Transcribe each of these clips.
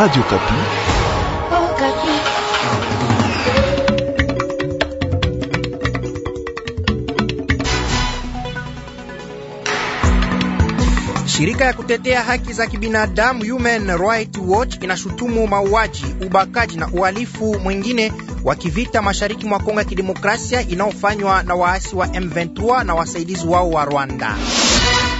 Radio Kapi. Oh, Kapi. Shirika ya kutetea haki za kibinadamu Human Rights Watch inashutumu mauaji, ubakaji na uhalifu mwingine wa kivita mashariki mwa Kongo ya Kidemokrasia inaofanywa na waasi wa M23 na wasaidizi wao wa Rwanda.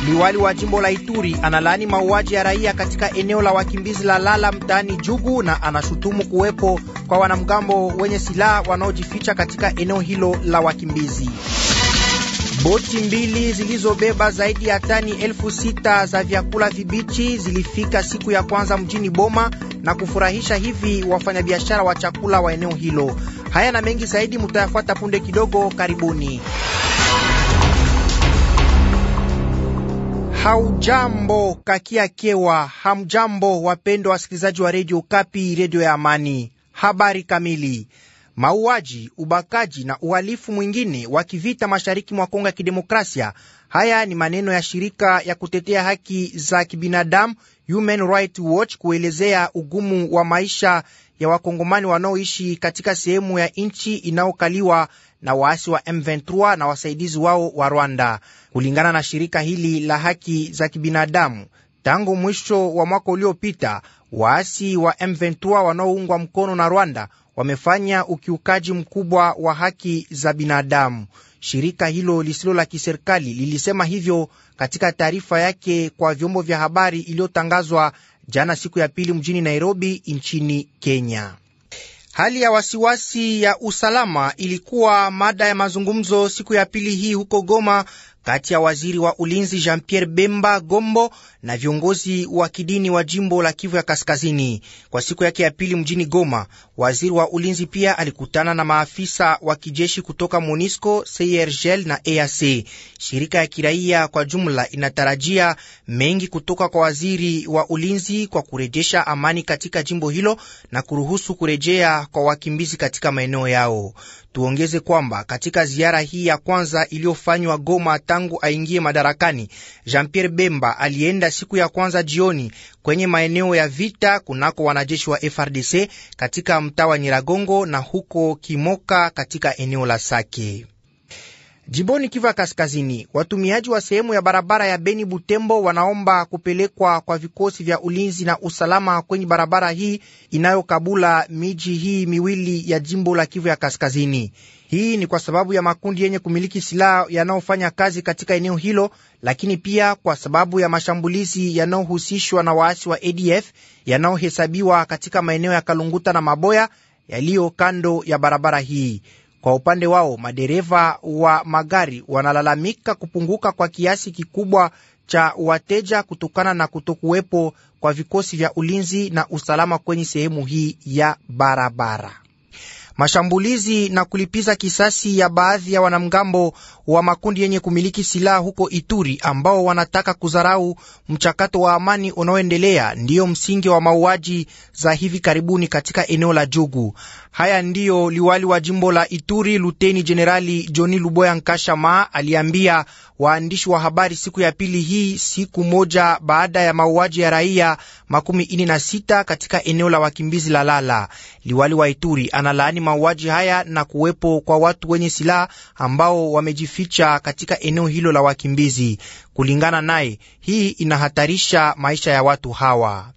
Liwali wa jimbo la Ituri analaani mauaji ya raia katika eneo la wakimbizi la Lala mtaani Jugu na anashutumu kuwepo kwa wanamgambo wenye silaha wanaojificha katika eneo hilo la wakimbizi. Boti mbili zilizobeba zaidi ya tani elfu sita za vyakula vibichi zilifika siku ya kwanza mjini Boma na kufurahisha hivi wafanyabiashara wa chakula wa eneo hilo. Haya na mengi zaidi mutayafuata punde kidogo. Karibuni. Haujambo kakia kewa, hamjambo wapendwa wasikilizaji wa redio Kapi, redio ya Amani. Habari kamili. Mauaji, ubakaji na uhalifu mwingine wa kivita mashariki mwa Kongo ya Kidemokrasia. Haya ni maneno ya shirika ya kutetea haki za kibinadamu Human Rights Watch kuelezea ugumu wa maisha ya wakongomani wanaoishi katika sehemu ya nchi inayokaliwa na waasi wa M23 na wasaidizi wao wa Rwanda. Kulingana na shirika hili la haki za kibinadamu, tangu mwisho wa mwaka uliopita, waasi wa M23 wanaoungwa mkono na Rwanda wamefanya ukiukaji mkubwa wa haki za binadamu. Shirika hilo lisilo la kiserikali lilisema hivyo katika taarifa yake kwa vyombo vya habari iliyotangazwa jana siku ya pili mjini Nairobi nchini Kenya. Hali ya wasiwasi ya usalama ilikuwa mada ya mazungumzo siku ya pili hii huko Goma kati ya waziri wa ulinzi Jean Pierre Bemba Gombo na viongozi wa kidini wa jimbo la Kivu ya Kaskazini. Kwa siku yake ya pili mjini Goma, waziri wa ulinzi pia alikutana na maafisa wa kijeshi kutoka MONUSCO, CIRGL na EAC. Shirika ya kiraia kwa jumla inatarajia mengi kutoka kwa waziri wa ulinzi kwa kurejesha amani katika jimbo hilo na kuruhusu kurejea kwa wakimbizi katika maeneo yao. Tuongeze kwamba katika ziara hii ya kwanza iliyofanywa Goma tangu aingie madarakani, Jean Pierre Bemba alienda siku ya kwanza jioni kwenye maeneo ya vita kunako wanajeshi wa FRDC katika mtaa wa Nyiragongo na huko Kimoka katika eneo la Sake. Jimboni Kiva Kaskazini, watumiaji wa sehemu ya barabara ya Beni Butembo wanaomba kupelekwa kwa vikosi vya ulinzi na usalama kwenye barabara hii inayokabula miji hii miwili ya jimbo la Kivu ya Kaskazini. Hii ni kwa sababu ya makundi yenye kumiliki silaha yanayofanya kazi katika eneo hilo, lakini pia kwa sababu ya mashambulizi yanayohusishwa na waasi wa ADF yanayohesabiwa katika maeneo ya Kalunguta na Maboya yaliyo kando ya barabara hii. Kwa upande wao, madereva wa magari wanalalamika kupunguka kwa kiasi kikubwa cha wateja kutokana na kutokuwepo kwa vikosi vya ulinzi na usalama kwenye sehemu hii ya barabara mashambulizi na kulipiza kisasi ya baadhi ya wanamgambo wa makundi yenye kumiliki silaha huko Ituri ambao wanataka kudharau mchakato wa amani unaoendelea ndiyo msingi wa mauaji za hivi karibuni katika eneo la Jugu. Haya ndiyo liwali wa jimbo la Ituri, Luteni Jenerali Johni Luboya Nkashama aliambia waandishi wa habari siku ya pili hii, siku moja baada ya mauaji ya raia makumi ini na sita katika eneo la wakimbizi la Lala. Liwali wa Ituri analaani mauaji haya na kuwepo kwa watu wenye silaha ambao wamejificha katika eneo hilo la wakimbizi. Kulingana naye, hii inahatarisha maisha ya watu hawa.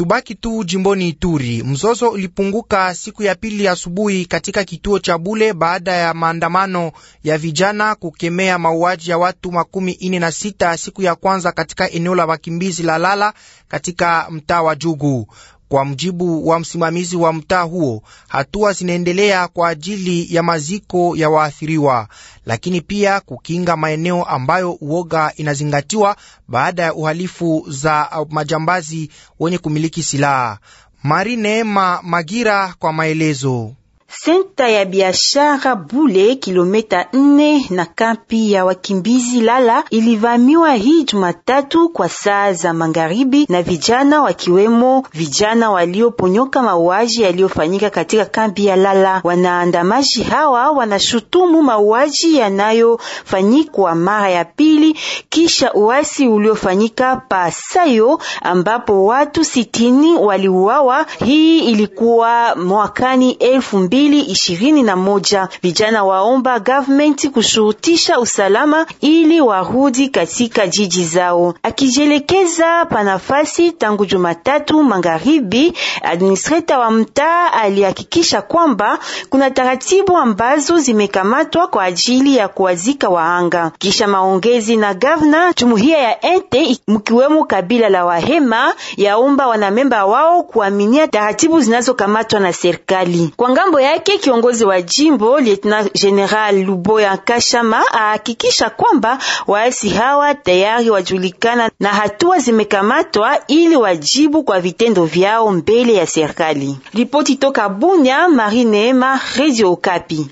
Tubaki tu jimboni Ituri. Mzozo ulipunguka siku ya pili asubuhi katika kituo cha Bule baada ya maandamano ya vijana kukemea mauaji ya watu makumi ine na sita siku ya kwanza katika eneo la wakimbizi la Lala katika mtaa wa Jugu. Kwa mjibu wa msimamizi wa mtaa huo, hatua zinaendelea kwa ajili ya maziko ya waathiriwa, lakini pia kukinga maeneo ambayo uoga inazingatiwa baada ya uhalifu za majambazi wenye kumiliki silaha. Mari Neema Magira kwa maelezo senta ya biashara Bule, kilomita nne na kampi ya wakimbizi Lala ilivamiwa hii Jumatatu kwa saa za magharibi na vijana wakiwemo vijana walioponyoka mauaji yaliyofanyika katika kampi ya Lala. Wanaandamaji hawa wanashutumu mauaji yanayofanyikwa mara ya pili kisha uasi uliofanyika Pasayo ambapo watu sitini waliuawa. Hii ilikuwa mwakani elfu mbili mbili ishirini na moja. Vijana waomba government kushurutisha usalama ili warudi katika jiji zao. Akijielekeza panafasi tangu Jumatatu magharibi, administrator wa mtaa alihakikisha kwamba kuna taratibu ambazo zimekamatwa kwa ajili ya kuwazika waanga. Kisha maongezi na gavana, jumuiya ya ente mkiwemo kabila la Wahema yaomba wanamemba wao kuaminia taratibu zinazokamatwa na serikali kwa ngambo ya yake kiongozi wa jimbo Lieutenant General Luboya Kashama ahakikisha kwamba waasi hawa tayari wajulikana na hatua zimekamatwa ili wajibu kwa vitendo vyao mbele ya serikali. Ripoti toka Bunya, Mari Neema, Radio Okapi.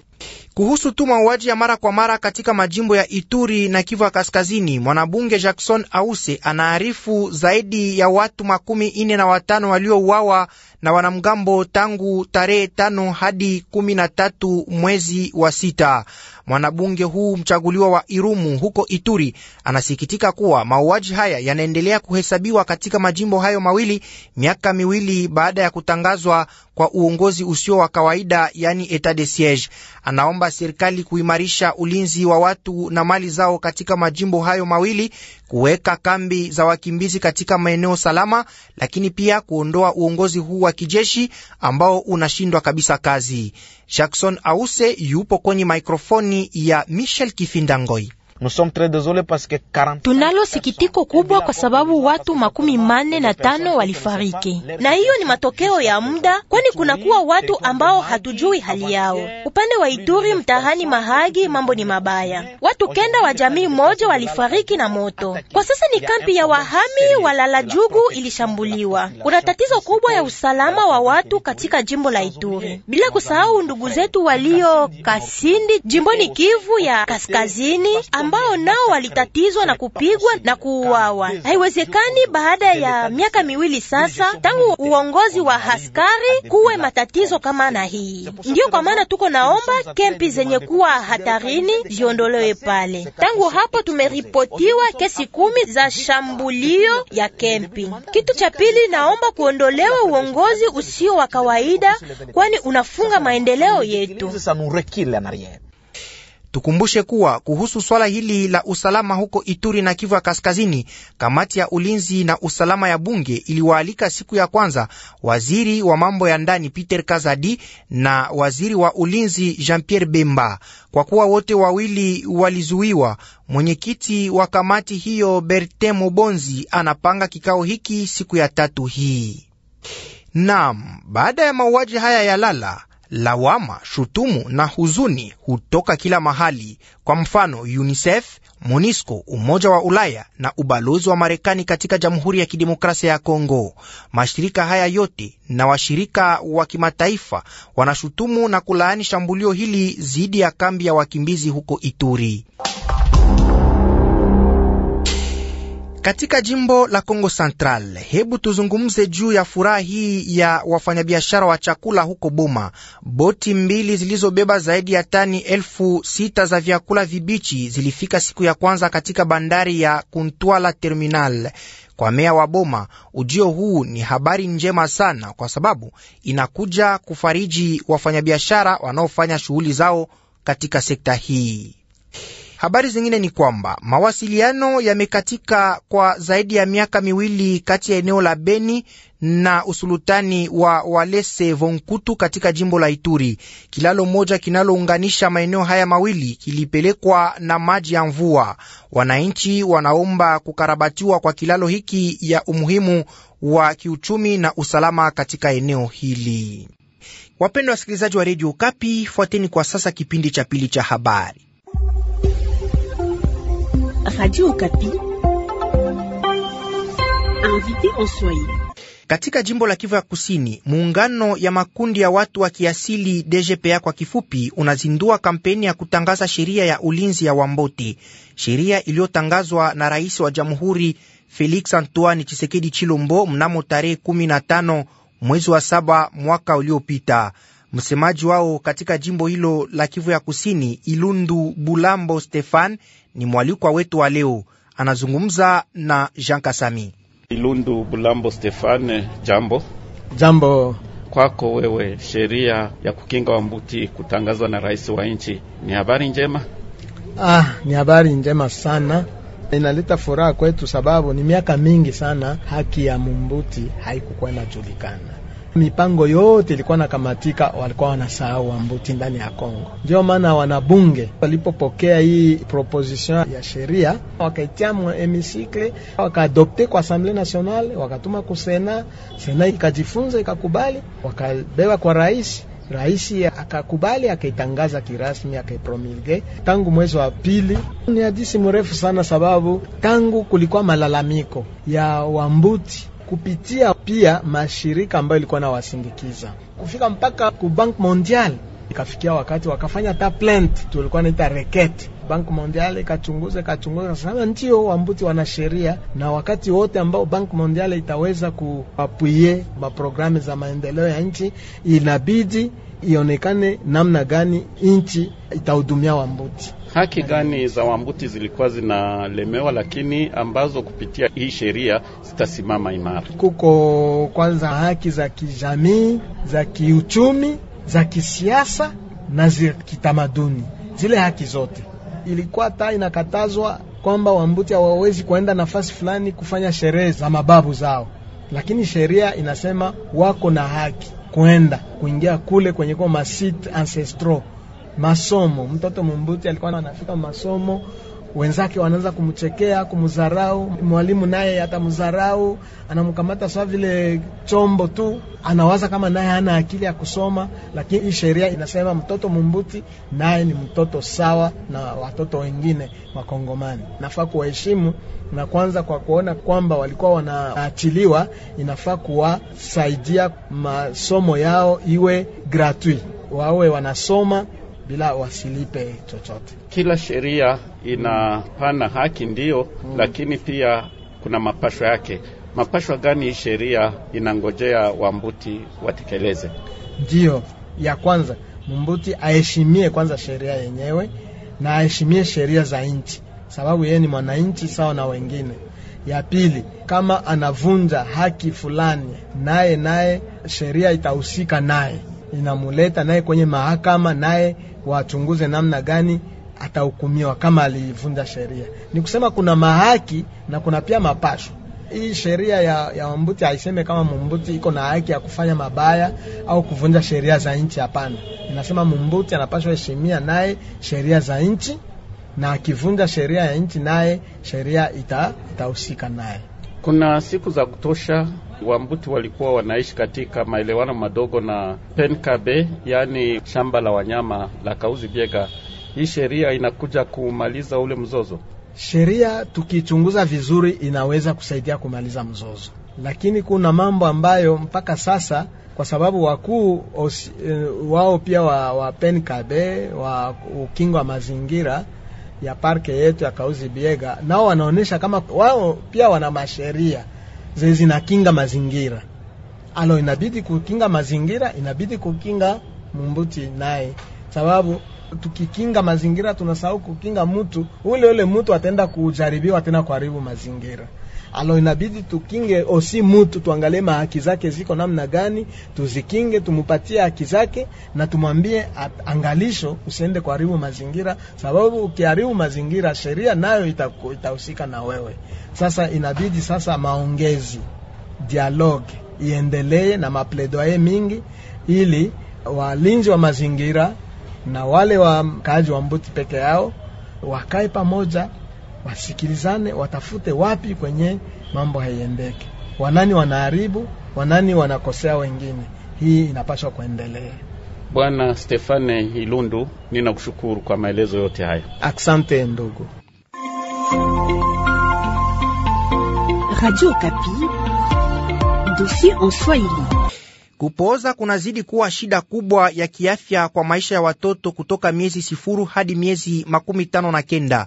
Kuhusu tu mauaji ya mara kwa mara katika majimbo ya Ituri na Kivu ya Kaskazini, mwanabunge Jackson Ause anaarifu zaidi ya watu makumi ine na watano waliouawa na wanamgambo tangu tarehe tano hadi kumi na tatu mwezi wa sita. Mwanabunge huu mchaguliwa wa Irumu huko Ituri anasikitika kuwa mauaji haya yanaendelea kuhesabiwa katika majimbo hayo mawili miaka miwili baada ya kutangazwa kwa uongozi usio wa kawaida, yani etat de siege. Anaomba serikali kuimarisha ulinzi wa watu na mali zao katika majimbo hayo mawili kuweka kambi za wakimbizi katika maeneo salama, lakini pia kuondoa uongozi huu wa kijeshi ambao unashindwa kabisa kazi. Jackson Ause yupo kwenye mikrofoni ya Michel Kifinda Ngoi. Tunalo sikitiko kubwa kwa sababu watu makumi manne na tano walifariki, na hiyo ni matokeo ya muda, kwani kunakuwa watu ambao hatujui hali yao. Upande wa Ituri, mtahani Mahagi, mambo ni mabaya. Watu kenda wa jamii moja walifariki na moto. Kwa sasa ni kampi ya wahami walala jugu ilishambuliwa. Kuna tatizo kubwa ya usalama wa watu katika jimbo la Ituri, bila kusahau ndugu zetu walio Kasindi, jimboni Kivu ya kaskazini ambao nao walitatizwa na kupigwa na kuuawa. Haiwezekani baada ya miaka miwili sasa tangu uongozi wa askari kuwe matatizo kama na hii. Ndiyo kwa maana tuko naomba kempi zenye kuwa hatarini ziondolewe pale. Tangu hapo tumeripotiwa kesi kumi za shambulio ya kempi. Kitu cha pili, naomba kuondolewa uongozi usio wa kawaida, kwani unafunga maendeleo yetu. Tukumbushe kuwa kuhusu swala hili la usalama huko Ituri na Kivu ya Kaskazini, kamati ya ulinzi na usalama ya bunge iliwaalika siku ya kwanza waziri wa mambo ya ndani Peter Kazadi na waziri wa ulinzi Jean Pierre Bemba. Kwa kuwa wote wawili walizuiwa, mwenyekiti wa kamati hiyo Bertin Mobonzi anapanga kikao hiki siku ya tatu hii. Naam, baada ya mauaji haya ya Lala Lawama, shutumu na huzuni hutoka kila mahali. Kwa mfano, UNICEF, MONUSCO, Umoja wa Ulaya na ubalozi wa Marekani katika Jamhuri ya Kidemokrasia ya Kongo. Mashirika haya yote na washirika wa kimataifa wanashutumu na kulaani shambulio hili dhidi ya kambi ya wakimbizi huko Ituri. Katika jimbo la Kongo Central, hebu tuzungumze juu ya furaha hii ya wafanyabiashara wa chakula huko Boma. Boti mbili zilizobeba zaidi ya tani elfu sita za vyakula vibichi zilifika siku ya kwanza katika bandari ya Kuntwala Terminal. Kwa meya wa Boma, ujio huu ni habari njema sana, kwa sababu inakuja kufariji wafanyabiashara wanaofanya shughuli zao katika sekta hii. Habari zingine ni kwamba mawasiliano yamekatika kwa zaidi ya miaka miwili kati ya eneo la Beni na usulutani wa Walese Vonkutu katika jimbo la Ituri. Kilalo moja kinalounganisha maeneo haya mawili kilipelekwa na maji ya mvua. Wananchi wanaomba kukarabatiwa kwa kilalo hiki ya umuhimu wa kiuchumi na usalama katika eneo hili. Wapendwa wasikilizaji wa redio Kapi, fuateni kwa sasa kipindi cha pili cha habari. Radio Kapi. Invité en soi. Katika jimbo la Kivu ya Kusini, muungano ya makundi ya watu wa kiasili DGPA kwa kifupi, unazindua kampeni ya kutangaza sheria ya ulinzi ya Wambote, sheria iliyotangazwa na rais wa jamhuri Felix Antoine Chisekedi Chilombo mnamo tarehe 15 mwezi wa saba mwaka uliopita. Msemaji wao katika jimbo hilo la Kivu ya Kusini, Ilundu Bulambo Stefan, ni mwalikwa wetu wa leo, anazungumza na Jean Kasami. Ilundu Bulambo Stefan, jambo. Jambo kwako wewe. Sheria ya kukinga wambuti kutangazwa na rais wa nchi ni habari njema? Ah, ni habari njema sana inaleta furaha kwetu, sababu ni miaka mingi sana haki ya mumbuti haikukuwa inajulikana mipango yote ilikuwa nakamatika, walikuwa wanasahau Wambuti ndani ya Kongo. Ndio maana wanabunge walipopokea hii proposition ya sheria wakaitia hemisikle, wakaadopte kwa Assemble Nationale, wakatuma kusena sena, ikajifunza ikakubali, wakabewa kwa rais Raisi akakubali akaitangaza kirasmi akaipromulge tangu mwezi wa pili. Ni hadisi mrefu sana, sababu tangu kulikuwa malalamiko ya Wambuti kupitia pia mashirika ambayo ilikuwa nawasindikiza kufika mpaka ku Bank Mondial. Ikafikia wakati wakafanya ta plant tulikuwa naita reket Bank Mondial ikachunguza ikachunguza, sasa ndio wambuti wana sheria, na wakati wote ambao Bank Mondial itaweza kuapuie maprogramu za maendeleo ya nchi inabidi ionekane namna gani nchi itahudumia Wambuti. Haki gani za Wambuti zilikuwa zinalemewa, lakini ambazo kupitia hii sheria zitasimama imara? Kuko kwanza haki za kijamii, za kiuchumi, za kisiasa na za kitamaduni. Zile haki zote ilikuwa ta inakatazwa kwamba Wambuti hawawezi kuenda nafasi fulani kufanya sherehe za mababu zao, lakini sheria inasema wako na haki kwenda kuingia kule kwenye kwa masite ancestro masomo. Mtoto Mumbuti alikuwa anafika masomo wenzake wanaanza kumchekea, kumdharau. Mwalimu naye atamdharau, anamkamata sawa vile chombo tu, anawaza kama naye hana akili ya kusoma. Lakini hii sheria inasema mtoto mumbuti naye ni mtoto sawa na watoto wengine Wakongomani, nafaa kuwaheshimu na kwanza kwa kuona kwamba walikuwa wanaachiliwa, inafaa kuwasaidia masomo yao iwe gratuit, wawe wanasoma bila wasilipe chochote. Kila sheria inapana haki ndiyo, hmm, lakini pia kuna mapashwa yake. Mapashwa gani hii sheria inangojea wambuti watekeleze? Ndiyo, ya kwanza mumbuti aheshimie kwanza sheria yenyewe na aheshimie sheria za nchi, sababu yeye ni mwananchi sawa na wengine. Ya pili, kama anavunja haki fulani, naye naye sheria itahusika naye inamuleta naye kwenye mahakama, naye wachunguze namna gani atahukumiwa kama alivunja sheria. Ni kusema kuna mahaki na kuna pia mapasho. Hii sheria ya, ya Wambuti haiseme kama mumbuti iko na haki ya kufanya mabaya au kuvunja sheria za nchi. Hapana, inasema mumbuti anapashwa heshimia naye sheria za nchi, na akivunja sheria ya nchi naye sheria itahusika ita naye. Kuna siku za kutosha Wambuti walikuwa wanaishi katika maelewano madogo na Penkabe, yaani shamba la wanyama la Kauzi Biega. Hii sheria inakuja kumaliza ule mzozo. Sheria tukichunguza vizuri, inaweza kusaidia kumaliza mzozo, lakini kuna mambo ambayo mpaka sasa kwa sababu wakuu eh, wao pia wa, wa Penkabe wa ukingo wa mazingira ya parke yetu ya Kauzi Biega, nao wanaonesha kama wao pia wana masheria zile zinakinga mazingira. Alo, inabidi kukinga mazingira, inabidi kukinga mumbuti naye, sababu tukikinga mazingira tunasahau kukinga mtu ule ule, mtu ataenda kujaribiwa tena kuharibu mazingira alo inabidi tukinge osi mutu, tuangalie mahaki zake ziko namna gani, tuzikinge, tumupatie haki zake na tumwambie angalisho, usiende kuharibu mazingira, sababu ukiharibu mazingira sheria nayo itahusika na wewe. Sasa inabidi sasa maongezi, dialogue iendelee na mapledoye mingi, ili walinzi wa mazingira na wale wakaaji wa Mbuti peke yao wakae pamoja wasikilizane, watafute wapi kwenye mambo haiendeke, wanani wanaharibu, wanani wanakosea wengine. Hii inapaswa kuendelea. Bwana Stefane Ilundu, ninakushukuru kwa maelezo yote haya. aksante ndugu. Radio Kapi, dosie en Swahili. Kupooza kunazidi kuwa shida kubwa ya kiafya kwa maisha ya watoto kutoka miezi sifuru hadi miezi makumi tano na kenda.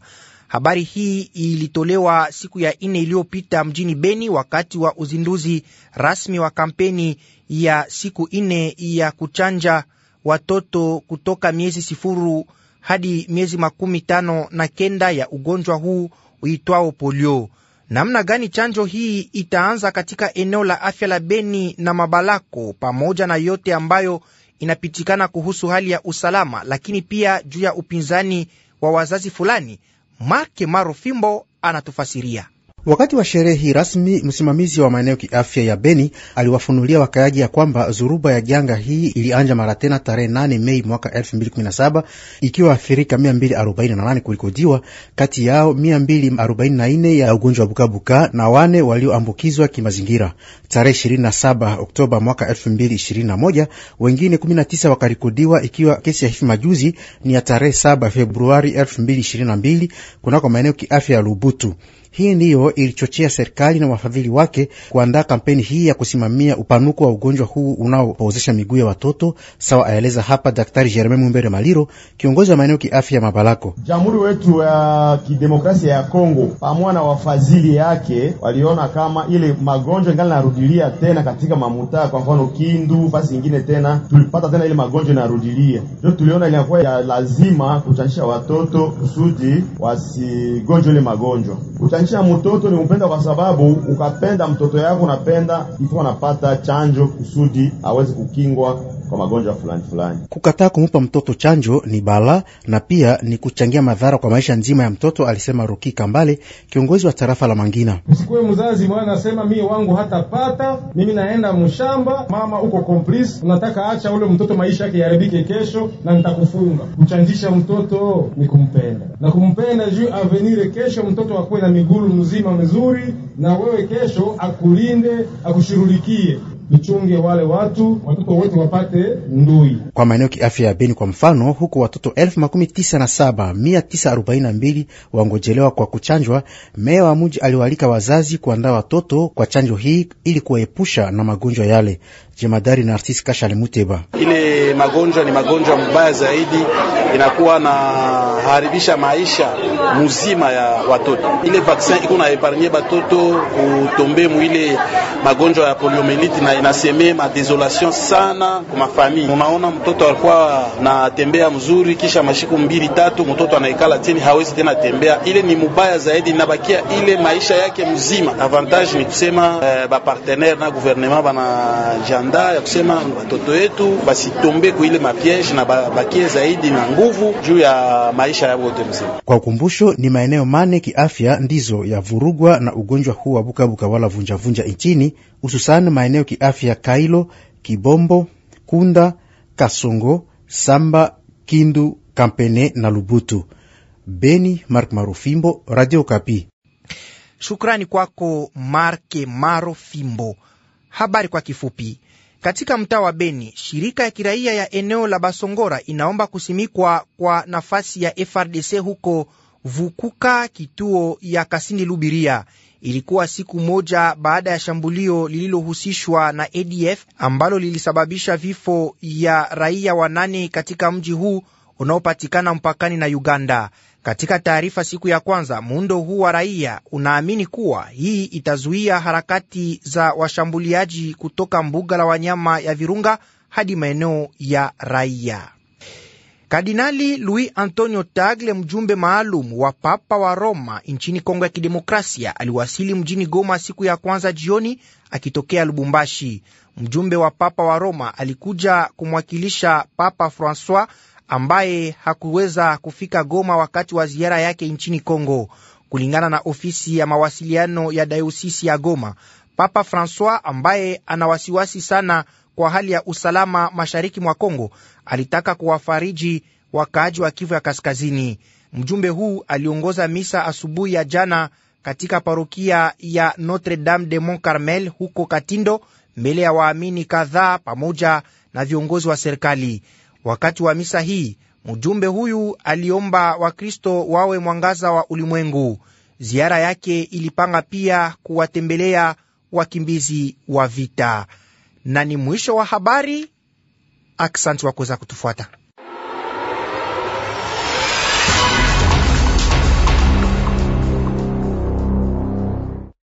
Habari hii ilitolewa siku ya nne iliyopita mjini Beni wakati wa uzinduzi rasmi wa kampeni ya siku nne ya kuchanja watoto kutoka miezi sifuru hadi miezi makumi tano na kenda ya ugonjwa huu uitwao polio. Namna gani chanjo hii itaanza katika eneo la afya la Beni na Mabalako, pamoja na yote ambayo inapitikana kuhusu hali ya usalama, lakini pia juu ya upinzani wa wazazi fulani Marke Marufimbo anatufasiria. Wakati wa sherehe hii rasmi, msimamizi wa maeneo kiafya ya Beni aliwafunulia wakaaji ya kwamba zuruba ya janga hii ilianja mara tena tarehe 8 Mei mwaka 2017 ikiwa athirika 248 kulikojiwa, kati yao 244 ya ugonjwa wa bukabuka na wane walioambukizwa kimazingira. Tarehe 27 Oktoba mwaka 2021 wengine 19 wakarikodiwa ikiwa kesi ya hivi majuzi ni ya tarehe 7 Februari 2022 kunako maeneo kiafya ya Lubutu. Hii ndiyo ilichochea serikali na wafadhili wake kuandaa kampeni hii ya kusimamia upanuko wa ugonjwa huu unaopozesha miguu ya watoto, sawa aeleza hapa Daktari Germain Mumbere Maliro, kiongozi wa maeneo kiafya ya Mabalako. Jamhuri wetu ya kidemokrasia ya Kongo pamoja na wafadhili yake waliona kama ile magonjwa ingali narudilia tena katika mamutaa, kwa mfano Kindu, basi ingine tena tulipata tena ile magonjwa inarudilia, ndio tuliona inakuwa ya lazima kuchanisha watoto kusudi wasigonjwa ile magonjwa Kupiganisha mtoto ni kumpenda kwa sababu ukapenda mtoto yako, unapenda mtu anapata chanjo kusudi aweze kukingwa kwa magonjwa fulani fulani. Kukataa kumupa mtoto chanjo ni bala na pia ni kuchangia madhara kwa maisha nzima ya mtoto, alisema Ruki Kambale, kiongozi wa tarafa la Mangina. msikuwe mzazi mwana asema mie wangu hatapata mimi, naenda mshamba, mama uko komplis, unataka acha ule mtoto maisha yake yaharibike kesho, na nitakufunga kuchanjisha mtoto ni kumpenda na kumpenda juu avenire kesho mtoto akuwe na migulu mzima mizuri, na wewe kesho akulinde, akushurulikie tuchunge wale watu watoto wote wapate ndui. Kwa maeneo kiafya ya Beni kwa mfano, huko watoto elfu makumi tisa na saba mia tisa arobaini na mbili wangojelewa kwa kuchanjwa. Meya wa muji aliwaalika wazazi kuandaa watoto kwa chanjo hii ili kuwaepusha na magonjwa yale. Jemadari Narcisse Kashale Muteba. Ile magonjwa ni magonjwa mbaya zaidi, inakuwa na haribisha maisha mzima ya watoto. Ile vaksin iko na epargne batoto kutombe mwile magonjwa ya poliomeliti, na inaseme ma sana kwa mafamili. Unaona mtoto alikuwa tembea mzuri, kisha mashiku mbili tatu, mtoto anaikala chini, hawezi tena tembea. Ile ni mubaya zaidi, inabakia ile maisha yake mzima. Avantage ni kusema eh, bapartenere na gouvernement bana kujiandaa ya kusema watoto wetu basitombe kuile mapiege na bakie zaidi na nguvu juu ya maisha yao yote mzima. Kwa ukumbusho, ni maeneo mane kiafya ndizo ya vurugwa na ugonjwa huu wa bukabuka wala vunjavunja nchini, hususan maeneo kiafya Kailo, Kibombo, Kunda, Kasongo, Samba, Kindu, Kampene na Lubutu. Beni, Mark Marufimbo, Radio Kapi. Shukrani kwako Marke Marofimbo. Habari kwa kifupi. Katika mtaa wa Beni, shirika ya kiraia ya eneo la Basongora inaomba kusimikwa kwa nafasi ya FRDC huko Vukuka, kituo ya Kasindi Lubiria. Ilikuwa siku moja baada ya shambulio lililohusishwa na ADF ambalo lilisababisha vifo ya raia wanane katika mji huu unaopatikana mpakani na Uganda. Katika taarifa siku ya kwanza, muundo huu wa raia unaamini kuwa hii itazuia harakati za washambuliaji kutoka mbuga la wanyama ya Virunga hadi maeneo ya raia. Kardinali Luis Antonio Tagle, mjumbe maalum wa Papa wa Roma nchini Kongo ya Kidemokrasia, aliwasili mjini Goma siku ya kwanza jioni akitokea Lubumbashi. Mjumbe wa Papa wa Roma alikuja kumwakilisha Papa Francois ambaye hakuweza kufika Goma wakati wa ziara yake nchini Kongo. Kulingana na ofisi ya mawasiliano ya dayosisi ya Goma, Papa Francois ambaye ana wasiwasi sana kwa hali ya usalama mashariki mwa Kongo alitaka kuwafariji wakaaji wa Kivu ya Kaskazini. Mjumbe huu aliongoza misa asubuhi ya jana katika parokia ya Notre Dame de Mont Carmel huko Katindo, mbele ya waamini kadhaa pamoja na viongozi wa serikali. Wakati wa misa hii mjumbe huyu aliomba Wakristo wawe mwangaza wa ulimwengu. Ziara yake ilipanga pia kuwatembelea wakimbizi wa vita. Na ni mwisho wa habari. Aksanti wakuweza za kutufuata.